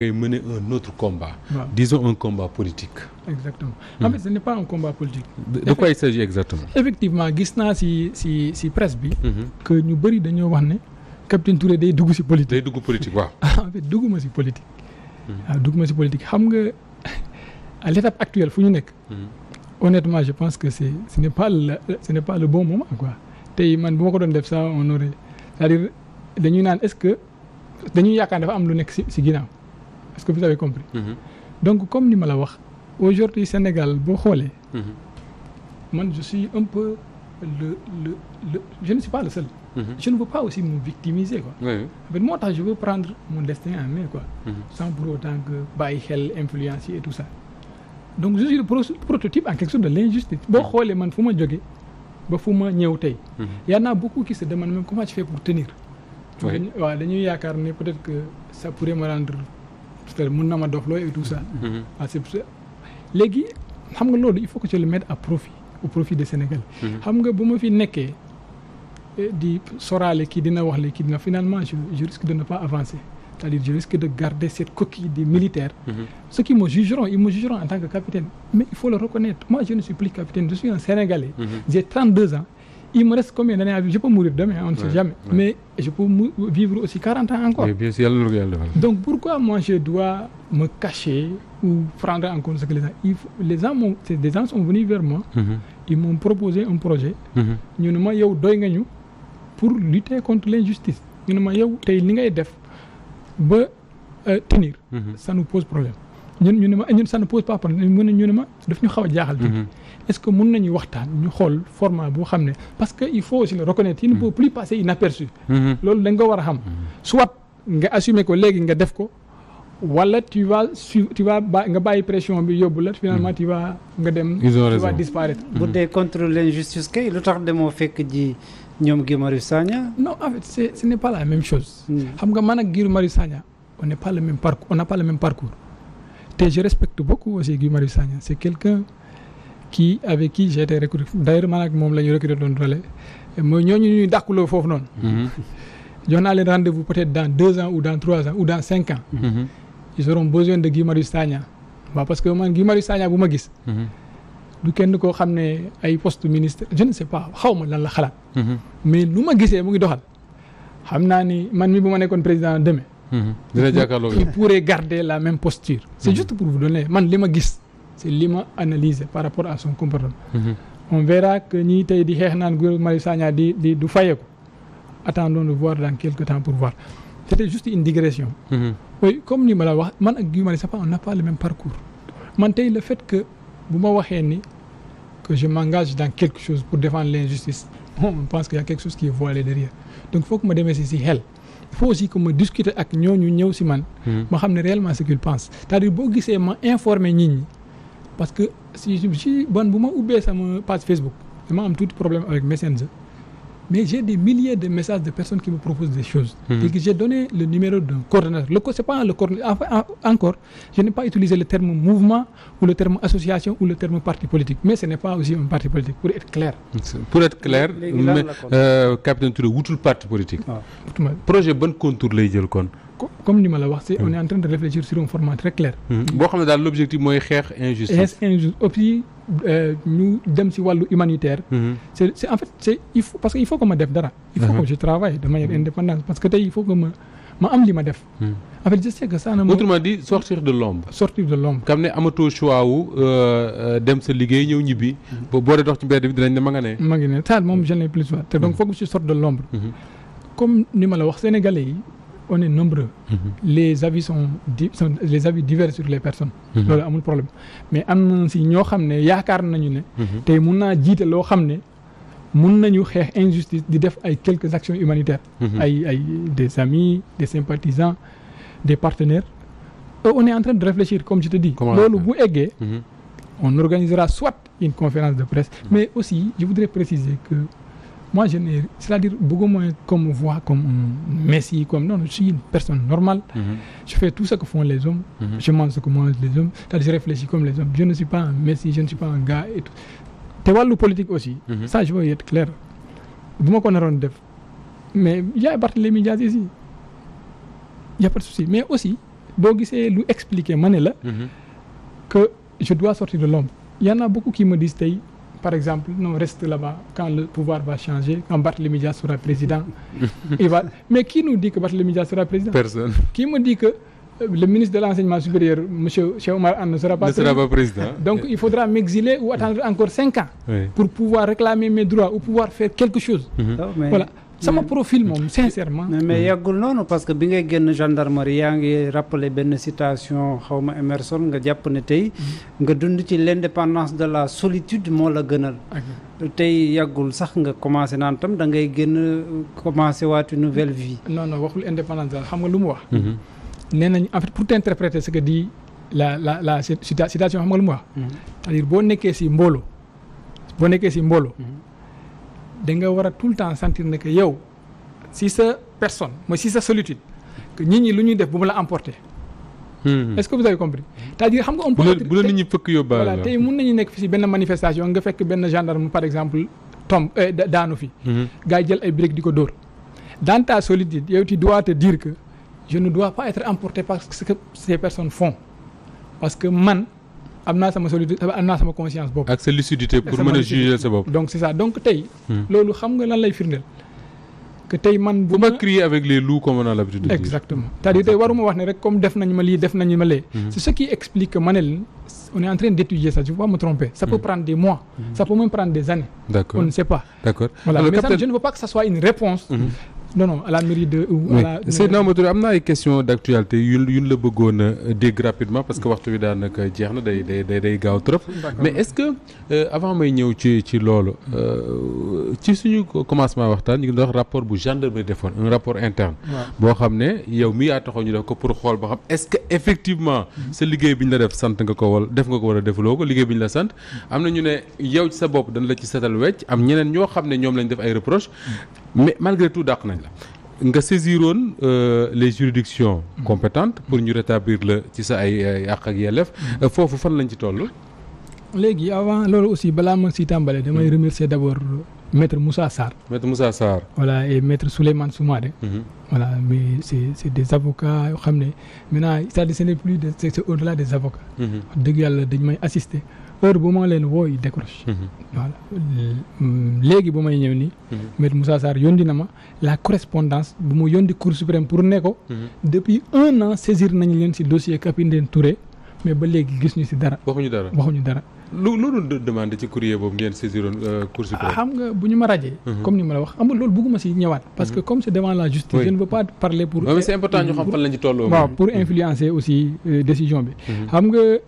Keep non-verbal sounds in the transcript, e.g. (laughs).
ngay mener un autre combat. Ouais. disons un combat politique. exactement en fait hmm. ce n'est pas un combat politique. de quoi il s'agit exactement. effectivement gis naa si si si presse bi. ñu bëri dañoo wax ne capitaine Touré day dugg si politique. day dugg politique waaw. (laughs) en fait dugguma si politique. waaw ah, dugguma si politique xam nga à l'étape actuelle fu ñu nekk. honnêtement je pense que c'est ce n'est pas le ce n'est pas le bon moment quoi tey man bu ma ko doon def ça on aurait dire dañuy naan est-ce que dañuy yaakaar dafa am lu nekk si si ginnaaw. est-ce que vous avez compris mm-hmm. donc comme ni ma la wax aujourd'hui Sénégal boo xoolee mm-hmm. man je suis un peu le le le je ne suis pas le seul mm-hmm. je ne veux pas aussi me victimiser quoi moo tax je veux prendre en main quoi sans pour autant bàyyi xel influencier et tout ça donc je suis le prototype en quelque sorte de l'injustice boo xoolee man fu ma jóge ba fu ma ñëw tey y naa a beaucoup qui se demandent même comment je fais pour tenir dañuy yaakaar ne peut-être que ça pourrait me rendre c'est-à-dire mën na ma dof loo et tout mhm. ah, ça. léegi xam nga loolu il faut que je le mette à profit au profit des Sénégalais. Mhm. xam nga bu ma fi nekkee eh, di soraale kii dina wax le kii dina finalement je je risque de ne pas avancer c'est-à-dire je risque de garder cette coquille des militaires. Mhm. ceux qui me jugeront ils me jugeront en tant que capitaine mais il faut le reconnaître moi je ne suis plus capitaine je suis un Sénégalais. j'ai 32 ans. il me reste combien d'années à je peux mourir demain on jamais mais je peux vivre aussi quarante ans encore bien sûr yàlla na ko yàlla defal donc pourquoi moi je dois me cacher ou prendre en compte ce les gens il faut les gens m'ont des gens sont venus vers moi mm-hmm. ils m'ont proposé un projet mm-hmm. ñu ne ma yow doy nga ñu pour lutter contre l'injustice ñu ne ma yow tey li ngay def ba euh, tenir mm-hmm. ça nous pose problème ñun ñu ne ma ñun ça ne ñu ne ma daf ñu xaw a jaaxal. Mm-hmm. est-ce que mën nañu waxtaan ñu xool format boo xam ne parce que il faut aussi le reconnaître il ne peut mm-hmm. plus passer inaperçu. Mm-hmm. loolu da ko war a xam. soit nga assumer ko léegi nga def ko. wala tu vas su tu vas nga bàyyi pression bi yóbbu la finalement tu vas nga dem. tu vas disparaître. bu dee contre l'injustice kay lu tax demoo fekk ji ñoom Guy Marius Sagna. non en fait c'est ce n'est la même chose. Mm. xam nga man ak Guy Marius Sagna on n'est pas le même parcours n'a pas le même parcours. te je respecte beaucoup aussi Guy Marius Sagna. C'est quelqu'un qui avec qui j'ai été recruté. D'ailleurs man ak moom la ñu recruté doon relais mooy ñooñu ñuy dàquloo foofu noonu. Mm-hmm. jox naa leen rendez-vous peut-être dans deux ans ou dans trois ans ou dans cinq ans. Mm -hmm. ils besoin de Guy Marius Sagna. waaw parce que man Guy Marius Sagna bu ma gis. Mm-hmm. du kenn koo xam ne ay poste ministre je ne sais pas xaw ma lan la xalaat. Mm-hmm. mais lu ma gisee mu ngi doxal. xam naa ni man mi bu ma nekkoon président demain. Mm-hmm. dina jàkkaarloo il pourrait garder la même posture. c'est mm-hmm. juste pour vous donner man li ma gis c'est li ma analyser par rapport à son comportement. Mm-hmm. on verra que ñii tey di xeex naan Guy Marius Sagna di di du fayeeku attendons de voir dans quelque temps pour voir c'était juste une comme nii ma la wax man ak Guy Marius Sagna on n'a pas le même parcours man tey le fait que bu ma waxee ni que je m'engage dans quelque chose pour défendre l'injustice bon (laughs) on pense qu'il y a quelque que ma demee si si xel. il si ko ma discuter ak ñooñu ñëw si man. Hmm. ma xam ne réellement ce qu'il pense cest boo gisee ma informer nit ñi parce que si si ban bu ma ubbee sama page Facebook ma am tuuti problème avec Messenger. mais j'ai des milliers de messages de personnes qui me proposent des choses. Mmh. Et que j'ai donné le numéro d'un coordonnateur. Le c'est pas le coordonnateur. Ah, enfin, ah, encore, je n'ai pas utilisé le terme mouvement ou le terme association ou le terme parti politique. Mais ce n'est pas aussi un parti politique, pour être clair. Pour être clair, euh, capitaine Touré, wutul parti politique. Ah. projet bon contour lay jël kon comme ni ma la wax c'est on est de réfléchir sur un format très clair. Hmm. Hmm. boo xam ne daal l'objectif mooy xeex injustice. injustice aussi euh, ñu dem si wàllu humanitaire. Hmm. c'est c'est en fait c'est il faut que il faut ma def dara. il faut que je travaille de manière indépendante parce que tey il faut que ma ma am li ma def. en fait je sais que ça na. autrement dit sortir de l'ombre sortir de l'ombre kam ne amatoo choix wu euh, euh, dem sa liggéey ñëw ñibbi. boo boo dox ci mbedd bi dinañ ne ma nga ne. ma ngi moom je n'ai plus te donc ni ma la wax sénégalais yi. one est nombreux. Mhm. les avis sont, sont les avis divers sur les personnes. Mhm. loolu amul problème mais am na si ñoo xam ne yaakaar nañu ne. Mhm. tey mun naa jiite loo xam ne mun nañu xeex injustice di def ay quelques actions humanitaires. ay ay des amis des sympathisants des partenaires. Euh, on est en train de réfléchir comme je te dis. loolu bu eggee. on organisera soit une conférence de presse. mais aussi je voudrais préciser moi je n'ai c'est-à-dire beaucoup moins qu'on me voit comme un comme non je personne normal mm -hmm. je fais tout ce que font les hommes mm -hmm. je mange ce que mangent les hommes cest dire je réfléchis comme les hommes je ne suis pas un messie je ne suis pas un gars et tout te wallu politique aussi mm -hmm. ça clair bu ma ko naroon def mais y a Barthélémy Diaz ici y a pas mais aussi boo gisee lu expliquer ma ne la mhm. que je dois sortir de l'ombre y en a beaucoup qui me disent tey par exemple, non, reste là-bas quand le pouvoir va changer, quand Barthélémy Diaz sera président. il (laughs) va... Mais qui nous dit que Barthélémy Diaz sera président Qui me dit que euh, le ministre de l'enseignement supérieur, M. Omar Anne, ne sera pas, président. Donc il faudra m'exiler ou attendre encore 5 ans pour pouvoir réclamer mes droits ou pouvoir faire quelque chose. Mhm. Ah, voilà. sama mm. profil moom sincèrement. mais yàggul noonu parce que bi ngay génn gendarmerie yaa ngi rappelé benn citation xaw ma Emerson nga jàpp ne tey. Mm. nga dund ci l'indépendance de la solitude moo la gënal. tey yàggul sax nga commencé naan tam da ngay génn commencé waatu nouvelle vie. non non waxul indépendance daal xam nga lu mu wax. Mm-hmm. nee nañ en fait pour t'interpréter ce que dit la la la citation xam nga lu mu wax. Mm-hmm. cest dire boo nekkee si mbooloo boo nekkee si mbooloo. Mm-hmm. da nga war a tout le temps sentir ne que yow si sa personne mooy si sa solitude que nit ñi lu ñuy def bu mu la emporter. Hmm. est-ce que vous avez compris. cest xam nga on peut. bu la nit ñi fëkk yóbbaale voilà tey mun nañu nekk fi si benn manifestation nga fekk benn gendarme par exemple tombe eh, daanu fi. Hmm. gaa jël ay briques di ko dóor. dans ta solitude yow tu dois te dire que je ne dois pas être emporté par ce que ces personne font parce que man. am naa sama solidité am naa sama conscience bopp. ak sa lucidité pour mën a sa bopp. donc c'est ça donc tey. Hmm. loolu xam nga lan lay firndeel. que tey man bu ma crier avec les loups comme on a l'habitude de dire. exactement c'est-à-dire tey wax ne rek comme def nañu ma lii def nañu ma lee. Hmm. c'est ce qui explique ma ne leen on est en d'étudier ça je ne vais pas me hmm. prendre des mois. ça peut même prendre des années. on ne sait pas. d'accord mais ça non non à la mairie de. ou à la Seydina am na ay questions d' actualité yu yu la bëggoon a dégg rapidement parce que waxtu bi daanaka jeex na day day gaaw trop. mais est ce que euh, avant may ñëw ci ci loolu euh, ci suñu commencement waxtaan ñu ngi wax rapport bu gendarmerie defoon un rapport interne. boo xam ne yow mi yaa taxaw ñu def ko pour xool ba xam est ce que effectivement. Mm-hmm. sa liggéey bi ñu la def sant nga ko wala def nga ko wala defuloo ko liggéey bi ñu la sant. Mm-hmm. am na ñu ne yow ci sa bopp dana la ci setal wecc am ñeneen ñoo xam ne ñoom lañ def ay reproches. Mm-hmm. mais malgré tout dàq nañ la nga saisiroon euh, les juridictions mm-hmm. compétentes pour ñu rétablir la ci sa ay àq ak yelleef mm-hmm. euh, foofu fan lañ ci toll léegi avant loolu aussi balaa ma si tàmbale damay mm-hmm. remercier d'abord maître Moussa Sarr. maître Moussa Sarr. voilà et maître Souleymane Soumaré. Mm -hmm. voilà mais c'est c'est des avocats yoo xam ne maintenant c'est-à-dire plus de c'est au-delà des avocats. wax mhm. dëgg yàlla dañ may assister heure bu ma leen wooy décroche. Mhm. léegi boo may ñëw nii. Mhm. maître Moussa Sarr yondi na ma la correspondance bu mu yondi cour suprême pour ne ko. depuis un an saisir nañ leen si dossier capitaine Touré. mais ba léegi gis ñu si dara. waxuñu dara waxuñu dara. lu loolu doon demandé ci courrier boobu ngeen saisiroon euh, cour suprême. xam nga bu ñu ma rajee. Mhm. comme ni ma la wax amul loolu bëgguma si ñëwaat. parce que mhm. comme c' est devant la justice. Oui. je ne veux pas parler pour mhm. influencer aussi euh, décision bi. xam nga.